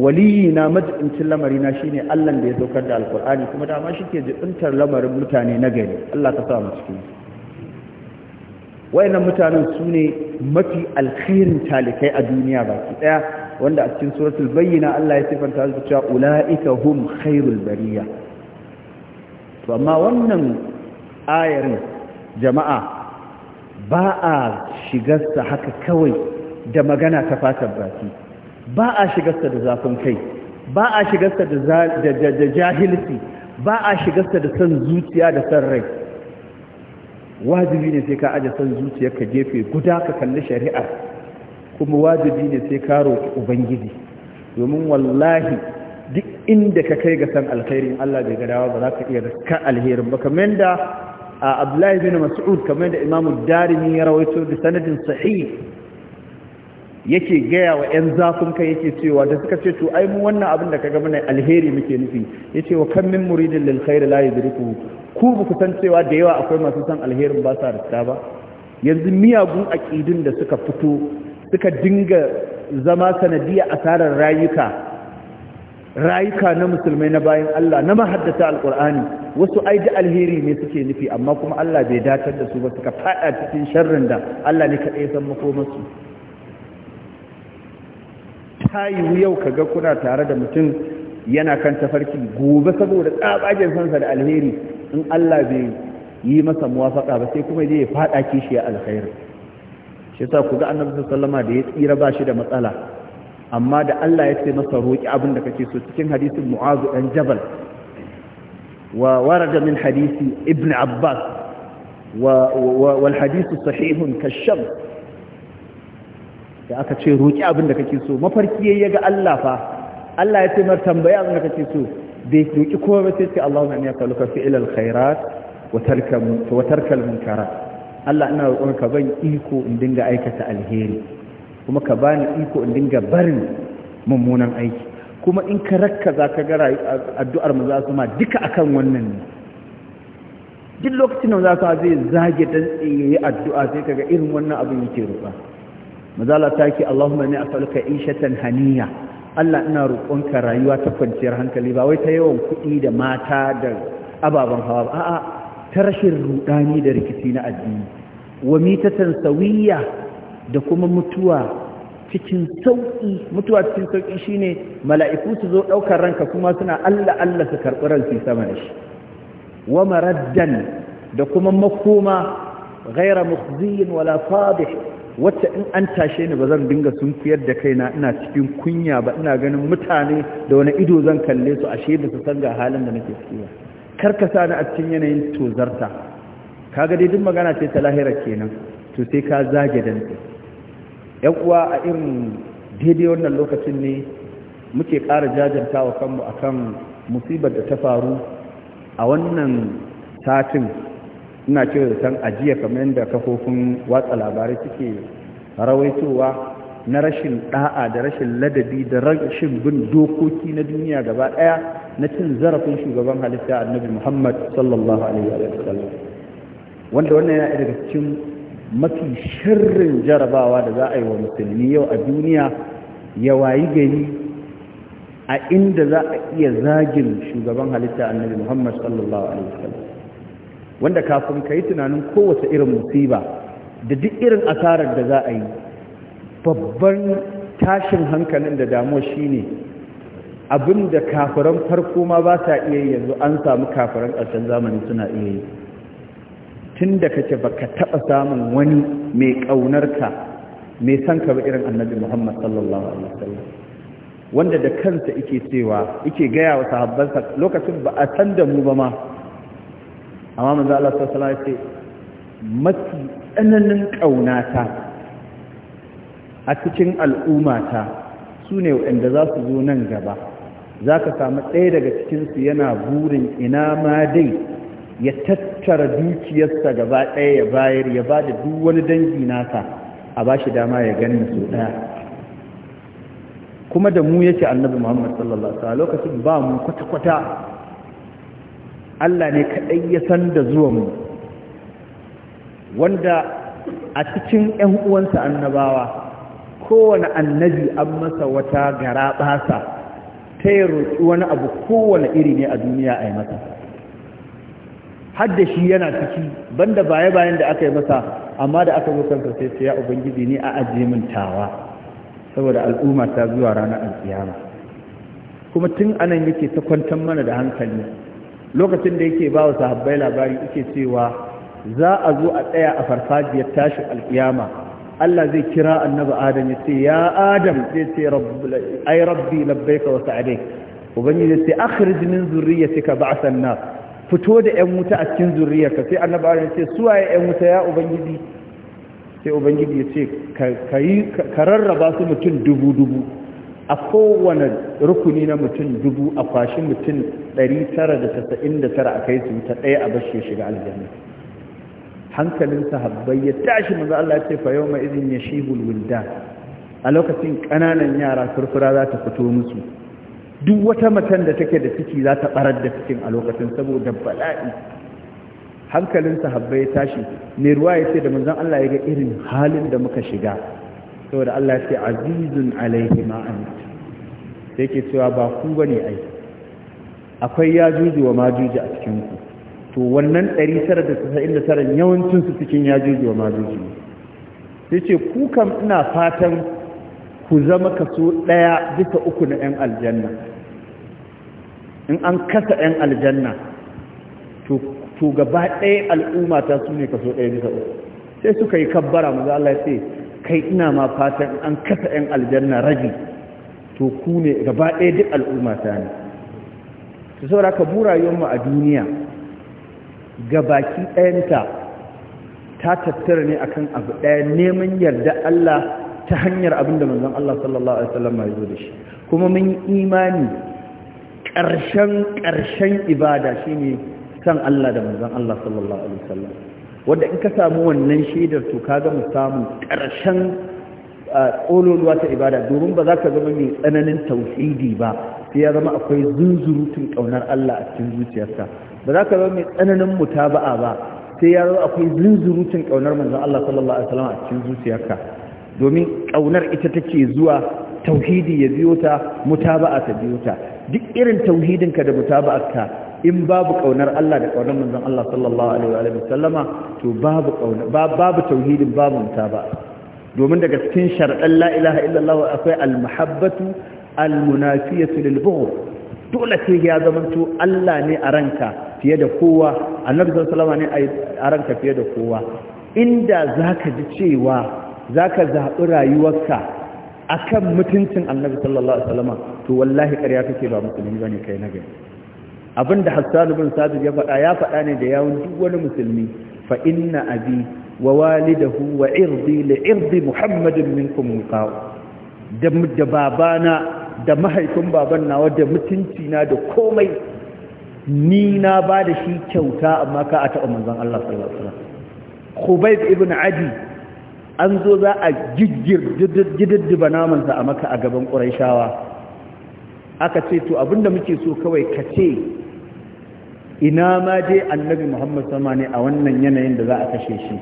waliyi na majibincin lamari na shine Allah da ya saukar da alkur'ani kuma dama shi ke jibintar lamarin mutane na gari Allah ka sa mu cikin wayannan mutanen su mafi alkhairin talikai a duniya baki daya wanda a cikin suratul bayyina Allah ya sifanta su cewa ulaika hum khairul bariya to amma wannan ayar jama'a ba a shigar sa haka kawai da magana ta fatar baki ba a shigarsa da zafin kai ba a shigarsa da jahilci ba a shigarsa da san zuciya da san rai wajibi ne sai ka aje san zuciya ka gefe guda ka kalli shari'a kuma wajibi ne sai ka roƙi ubangiji domin wallahi duk inda ka kai ga san alkhairin Allah bai gadawa ba za ka iya ka alherin ba kamar da Abdullahi bin Mas'ud kamar da Imam Darimi ya rawaito da sanadin sahih yake gaya wa 'yan zafin kai yake cewa da suka ce to ai mu wannan abin da ka kaga mana alheri muke nufi yace wa kan min muridin lil khair la ku ba ku san cewa da yawa akwai masu san alherin ba sa rasta ba yanzu miyagun aqidin da suka fito suka dinga zama sanadiya asarar rayuka rayuka na musulmai na bayan Allah na mahaddata alqur'ani wasu ai da alheri ne suke nufi amma kuma Allah bai datar da su ba suka fada cikin sharrin da Allah ne kadai san su. ta yiwu yau kaga kuna tare da mutum yana kan tafarki gobe saboda tsabagen sansa da alheri in Allah bai yi masa muwafaka ba sai kuma je ya fada kishi ya alkhairi shi yasa ku ga annabi sallama da ya tsira ba shi da matsala amma da Allah ya ce masa roki abin da kake so cikin hadisin mu'azu dan jabal wa warada min hadisi ibn abbas wa wal hadisi sahihun kashab da aka ce roƙi abin da kake so mafarki yayi ga Allah fa Allah ya ce mar tambaya abin da kake so bai roƙi kowa ba sai ce an ya kaluka fi ilal khairat wa tarka wa tarka al Allah ina ka ban iko in dinga aikata alheri kuma ka bani iko in dinga barin mummunan aiki kuma in ka rakka za ka ga addu'ar mu za su ma duka akan wannan ne duk lokacin da za ka zai zage dan tsaye addu'a sai ka ga irin wannan abin yake rufa mazala ta ki Allahumma ni as'aluka ishatan haniya Allah ina roƙonka rayuwa ta kwanciyar hankali ba wai ta yawan kuɗi da mata da ababen hawa ba a'a ta rashin rudani da rikici na addini wa mitatan sawiya da kuma mutuwa cikin sauƙi mutuwa cikin sauƙi shine mala'iku su zo ɗaukar ranka kuma suna Allah Allah su karɓi ranki sama da shi wa maraddan da kuma makoma ghaira mukhziyin wala fadih wacce in an tashe ni ba zan dinga sunkuyar da kai na, ina cikin kunya ba ina ganin mutane da wani ido zan kalle su ashe ba su san ga halin da nake ciki ba ka sa ni a cikin yanayin tozarta kaga dai duk magana ce ta lahira kenan to sai ka zage danta. yan uwa a irin daidai wannan lokacin ne muke ƙara jajantawa kanmu akan musibar da ta faru a wannan satin ina cewa da san ajiya kamar yadda kafofin watsa labarai suke rawaitowa na rashin da'a da rashin ladabi da rashin bin dokoki na duniya gaba daya na cin zarafin shugaban halitta annabi muhammad sallallahu alaihi Wasallam. wanda wannan yana daga cikin mafi shirin jarabawa da za a yi wa musulmi yau a duniya ya wayi gari a inda za a iya zagin shugaban halitta annabi muhammad sallallahu alaihi Wasallam. wanda kafin ka yi tunanin kowace irin musiba da duk irin asarar da za a yi babban tashin hankalin da damuwa shine abin da kafiran farko ma ba sa iya yanzu an samu kafiran ƙarshen zamani suna iya yi tun da kake ba ka taɓa samun wani mai ƙaunarka mai son ka ba irin annabi muhammad sallallahu alaihi wasallam wanda da kansa ike cewa ike gaya wa sahabbansa lokacin ba a san da mu ba ma amma manzo Allah sallallahu alaihi wasallam yace ce mafi tsananin kaunata a cikin al'ummata sune waɗanda za su zo nan gaba zaka samu ɗaya daga cikinsu yana burin ina ma dai ya tattara dukiyarsa gaba ɗaya ya bayar ya ba da duk wani dangi nasa a ba shi dama ya gani su ɗaya kuma da mu yake annabi muhammad sallallahu alaihi lokacin ba mu kwata-kwata Allah ne kaɗai ya san da zuwanmu wanda a cikin ‘yan uwansa annabawa kowane annabi an masa wata gara ɓasa ta yi roƙi wani abu kowane iri ne a duniya a yi masa hadda shi yana ciki banda baya-bayan da aka yi masa amma da aka zo kansa sai sai ya ubangiji ne a ajiye mintawa saboda al'umma ta zuwa ranar alkiyama kuma tun anan yake ta kwantar mana da hankali lokacin da yake ba wa sahabbai labari yake cewa za a zo a tsaya a farfajiyar tashin alkiyama Allah zai kira annabi Adam ya ce ya Adam zai ce ai rabbi labbaika wa sa'adai ubangiji zai ce akhrij min zurriyyatika ba'san nar fito da ƴan wuta a cikin zurriyarka sai annabi Adam ya ce suwaye ƴan wuta ya ubangiji sai ubangiji ya ce ka rarraba su mutum dubu dubu a kowane rukuni na mutum dubu a kwashi mutum 999 a kai su ta ɗaya a bashi shiga aljanna hankalin sahabbai ya tashi manzo Allah ya ce fa yau izin ya yashihul wildan a lokacin kananan yara furfura za ta fito musu duk wata matan da take da ciki za ta barar da cikin a lokacin saboda bala'i hankalin sahabbai ya tashi ne ruwa ya ce da manzon Allah ya ga irin halin da muka shiga saboda Allah ce azizun alaihi ma'an sai ke cewa ba ku ba ne ai akwai ya juji wa majuji a cikinku to wannan 999 yawancinsu cikin ya juji wa majuji sai ce ku kam ina fatan ku zama kaso ɗaya duka uku na 'yan aljanna in an kasa 'yan aljanna to gaba ɗaya al'umma ta su ne kaso ɗaya duka uku sai suka yi kabbara maza Allah ya ce. kai ina ma fatan an kasa 'yan aljanna rabi to ku ne gaba ɗaya duk al'umma ta ne ta saura ka mu a duniya ga baki ɗayanta ta tattara ne akan abu ɗaya neman yarda Allah ta hanyar abin da manzon Allah sallallahu alaihi wasallam ya zo da shi kuma mun yi imani ƙarshen ƙarshen ibada shine kan Allah da manzon Allah sallallahu alaihi wasallam wanda in ka samu wannan shaidar to ka gama samun ƙarshen ƙololuwa ta ibada domin ba za ka zama mai tsananin tauhidi ba sai ya zama akwai zunzurutun ƙaunar Allah a cikin zuciyarka ba za ka zama mai tsananin mutaba'a ba sai ya zama akwai zunzurutun ƙaunar manzon Allah sallallahu alaihi wasallam a cikin zuciyarka domin ƙaunar ita take zuwa tauhidi ya biyo ta mutaba'a ta biyo ta duk irin tauhidinka da mutaba'arka in babu kaunar Allah da kaunar manzon Allah sallallahu alaihi wa sallama to babu kauna babu tauhidin babu mutaba domin daga cikin shar'an la ilaha illallah akwai al-muhabbatu al-munafiyatu lil-bughd dole sai ya to Allah ne a ranka fiye da kowa annabi sallallahu alaihi wa ne a ranka fiye da kowa inda zaka ji cewa zaka zabi rayuwarka akan mutuncin annabi sallallahu alaihi wa sallama to wallahi ƙarya kake ba musulmi bane kai na gani abinda hassan bin sabit ya faɗa ya faɗa ne da yawon duk wani musulmi fa inna abi wa walidahu wa irdi li irdi muhammadin minkum da da babana da mahaifin baban nawa da mutunci na da komai ni na ba da shi kyauta amma ka a taɓa manzon Allah sallallahu alaihi wasallam Khubayb ibn Adi an zo za a giggir gididdiba namansa a maka a gaban ƙurayshawa aka ce to abinda muke so kawai ka ce ina ma dai annabi muhammad sama ne a wannan yanayin da za a kashe shi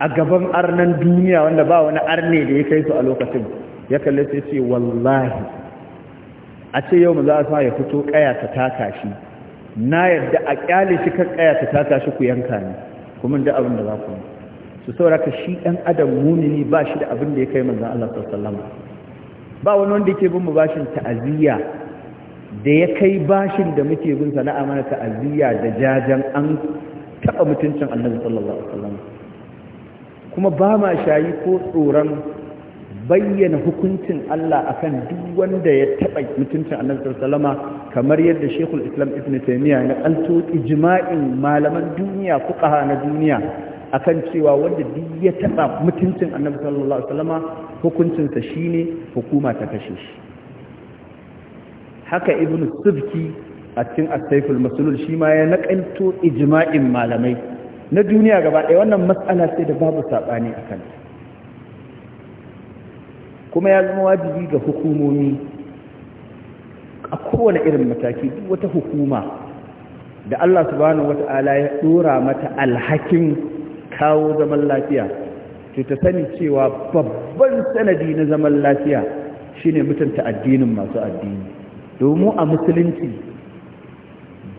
a gaban arnan duniya wanda ba wani arne da ya kai su a lokacin ya kalle sai ce wallahi a ce yau mu za a sa ya fito kaya ta taka shi na yadda a kyale shi kan kaya ta taka shi ku yanka ne kuma da abin da za ku su sauraka shi ɗan adam mumini ba shi da abin da ya kai manzan Allah sallama ba wani wanda yake bin mu bashin ta'aziyya da ya kai bashin da muke bin sana a mana ta'aziyya da jajan an taɓa mutuncin annabi sallallahu alaihi wasallam kuma ba ma shayi ko tsoron bayyana hukuncin Allah akan duk wanda ya taɓa mutuncin annabi sallama kamar yadda Sheikhul Islam Ibn Taymiyyah na alto ijma'in malaman duniya fuqaha na duniya akan cewa wanda duk ya taɓa mutuncin annabi sallallahu alaihi wasallama hukuncinsa shine hukuma ta kashe shi haka ibn subki a cikin asaiful masulul shi ma ya naƙanto ijma'in malamai na duniya gaba ɗaya wannan matsala sai da babu saɓani a kan kuma ya zama wajibi ga hukumomi a kowane irin mataki duk wata hukuma da Allah subhanahu wata'ala ya ɗora mata alhakin kawo zaman lafiya to ta sani cewa babban sanadi na zaman lafiya shine mutunta addinin masu addini domin a musulunci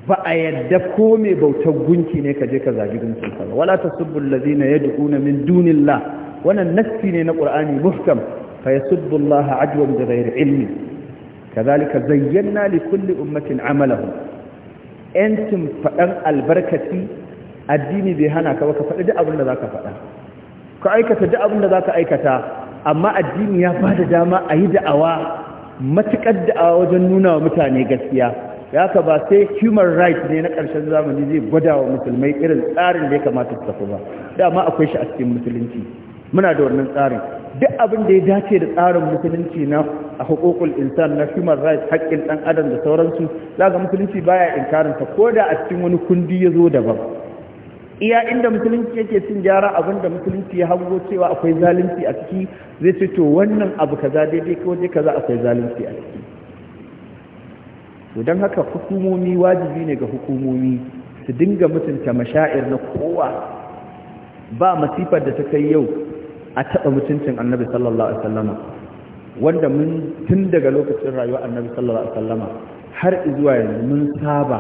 ba a yadda ko mai bautar gunki ne ka je ka zagi gunki ba wala tasubbu allazina yad'una min dunillah wannan nassi ne na qur'ani muhkam fa yasubbu allaha ajwan da ghairi ilmi kadhalika zayyana li kulli ummatin amalahum antum faɗan albarkati addini bai hana ka ba ka faɗi duk abin da ka faɗa ka aikata duk abin da ka aikata amma addini ya bada dama a yi da'awa matuƙar a wajen nuna wa mutane gaskiya ya ka ba sai human rights ne na ƙarshen zamani zai gwada wa musulmai irin tsarin da ya kamata su tafi ba dama akwai shi a cikin musulunci muna da wannan tsarin duk abin da ya dace da tsarin musulunci na a hukukul insan na human rights haƙƙin ɗan adam da sauransu za ga musulunci baya inkarinta ko da a cikin wani kundi ya zo daban iya inda musulunci yake cin gyara abin da musulunci ya hango cewa akwai zalunci a ciki zai ce to wannan abu kaza daidai ko dai kaza akwai zalunci a ciki to don haka hukumomi wajibi ne ga hukumomi su dinga mutunta mashair na kowa ba masifar da ta kai yau a taɓa mutuncin annabi sallallahu alaihi wasallama wanda mun tun daga lokacin rayuwar annabi sallallahu alaihi wasallama har zuwa yanzu mun saba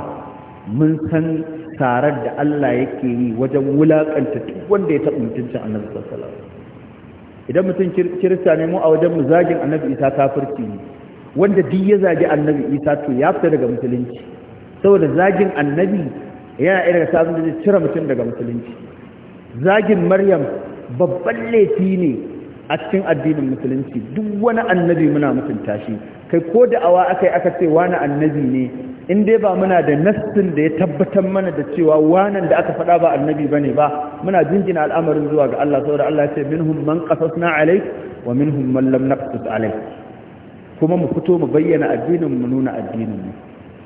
mun san tare da Allah yake yi wajen wulaƙanta duk wanda ya taɓa mutuncin annabi sallallahu alaihi wasallam idan mutum kirista ne mu a wajen mu zagin annabi isa kafirci ne wanda duk ya zagi annabi isa to ya fita daga musulunci saboda zagin annabi yana irin sabon da zai cire mutum daga musulunci zagin maryam babban laifi ne a cikin addinin musulunci duk wani annabi muna mutunta shi kai ko da awa akai aka ce wani annabi ne in dai ba muna da nassin da ya tabbatar mana da cewa wanan da aka faɗa ba annabi bane ba muna jingina al'amarin zuwa ga Allah saboda Allah ya ce minhum man qasasna alayk wa minhum man lam naqsus alayk kuma mu fito mu bayyana addinin mu nuna addinin mu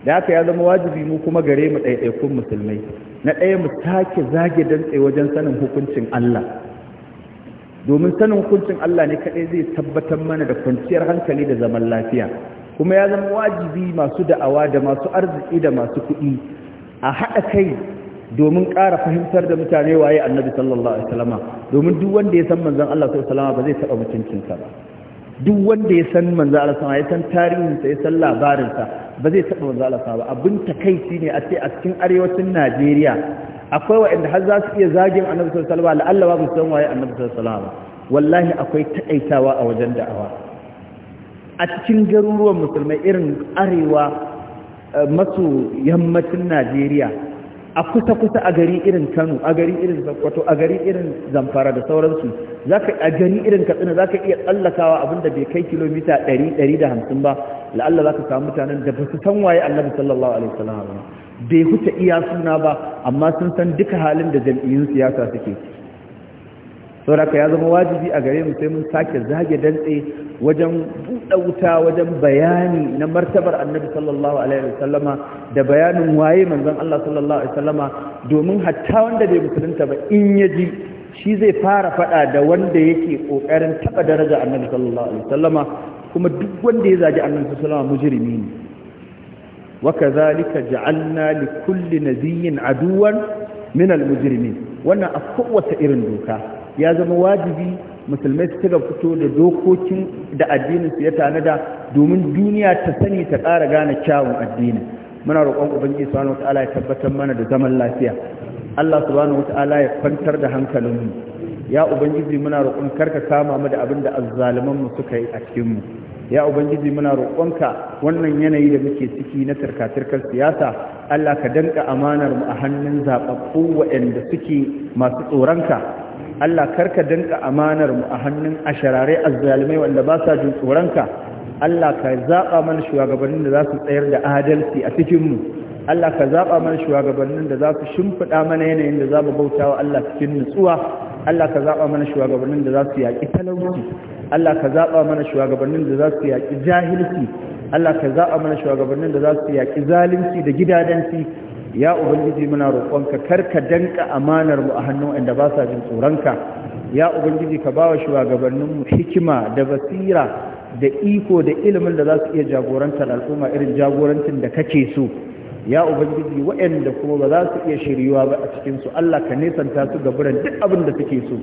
da haka ya zama wajibi mu kuma gare mu ɗaiɗaikun musulmai na ɗaya mu take zage dantse wajen sanin hukuncin Allah domin sanin hukuncin Allah ne kaɗai zai tabbatar mana da kwanciyar hankali da zaman lafiya kuma ya zama wajibi masu da'awa da masu arziki da masu kuɗi a haɗa kai domin ƙara fahimtar da mutane waye annabi sallallahu alaihi wasallama domin duk wanda ya san manzon Allah sallallahu alaihi wasallama ba zai taɓa mutuncinsa ba duk wanda ya san manzon Allah sallallahu alaihi wasallama ya san tarihinsa ya san labarinsa ba zai taɓa manzon Allah sallallahu alaihi abin takaici ne a ce a cikin arewacin Najeriya akwai waɗanda har za su iya zagin annabi sallallahu alaihi wasallama la'alla ba su san waye annabi sallallahu alaihi wasallama wallahi akwai taƙaitawa a wajen da'awa a cikin garuruwan musulmai irin arewa eh, masu yammacin najeriya a kusa-kusa a gari irin kano a gari irin zakwato a gari irin zamfara da sauransu a gari irin katsina za ka iya tsallakawa abinda bai kai kilomita da 150 ba la'alla za ka samu mutanen da ba su san waye annabi sallallahu alaihi wasallam bai huta iya suna ba amma sun san duka halin da jam'iyyun siyasa suke sauraka ya zama wajibi a gare mu sai mun sake zage dantse wajen buɗe wuta wajen bayani na martabar annabi sallallahu alaihi wasallama da bayanin waye manzon Allah sallallahu alaihi wasallama domin hatta wanda bai musulunta ba in ya ji shi zai fara faɗa da wanda yake ƙoƙarin taɓa daraja annabi sallallahu alaihi wasallama kuma duk wanda ya zagi annabi sallallahu alaihi wasallama mujrimi ne وكذلك جعلنا لكل نبي عدوا من المجرمين wannan a kowace irin doka ya zama wajibi musulmai su cika fito da dokokin da addinin su ya tanada domin duniya ta sani ta ƙara gane kyawun addinin muna roƙon ubangiji subhanahu wataala ya tabbatar mana da zaman lafiya Allah subhanahu wataala ya kwantar da hankalinmu ya ubangiji muna roƙon karka kama mu da abin da azzaliman mu suka yi a cikin mu ya ubangiji muna roƙonka wannan yanayi da muke ciki na tarkatirkar siyasa Allah ka danka amanar mu a hannun zaɓaɓɓu waɗanda suke masu tsoronka Allah karka dinka amanar mu a hannun asharare azzalimai wanda ba sa jin tsoronka Allah ka zaba mana shugabannin da za su tsayar da adalci a cikin mu Allah ka zaba mana shugabannin da za su shimfida mana yanayin da za mu bautawa Allah cikin nutsuwa Allah ka zaba mana shugabannin da za su yaki talauci Allah ka zaba mana shugabannin da za su yaki jahilci Allah ka zaba mana shugabannin da za su yaki zalunci da gidadanci ya ubangiji muna roƙonka ka danka amanar mu a hannun inda ba sa jin tsoronka ya ubangiji ka bawa shugabannin mu hikima da basira da iko da ilimin da za su iya jagorantar al'umma irin jagorancin da kake so ya ubangiji waɗanda kuma ba za su iya shiryuwa ba a cikin su Allah ka nesanta su gaburan duk abin da suke so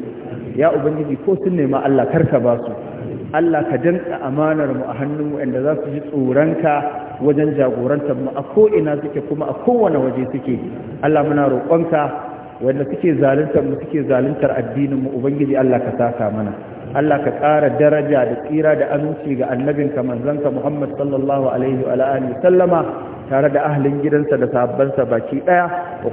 ya ubangiji ko sun nema Allah kar ka ba su Allah ka danka amanar mu a hannun inda za su ji tsoronka wajen jagorantar mu a ko'ina suke kuma a kowane waje suke Allah muna roƙonka wanda suke zalintar mu suke zaluntar addinin mu ubangiji Allah ka saka mana Allah ka ƙara daraja da tsira da aminci ga annabinka manzanka Muhammad sallallahu alaihi wa sallama tare da ahalin gidansa da sabbansa baki ɗaya.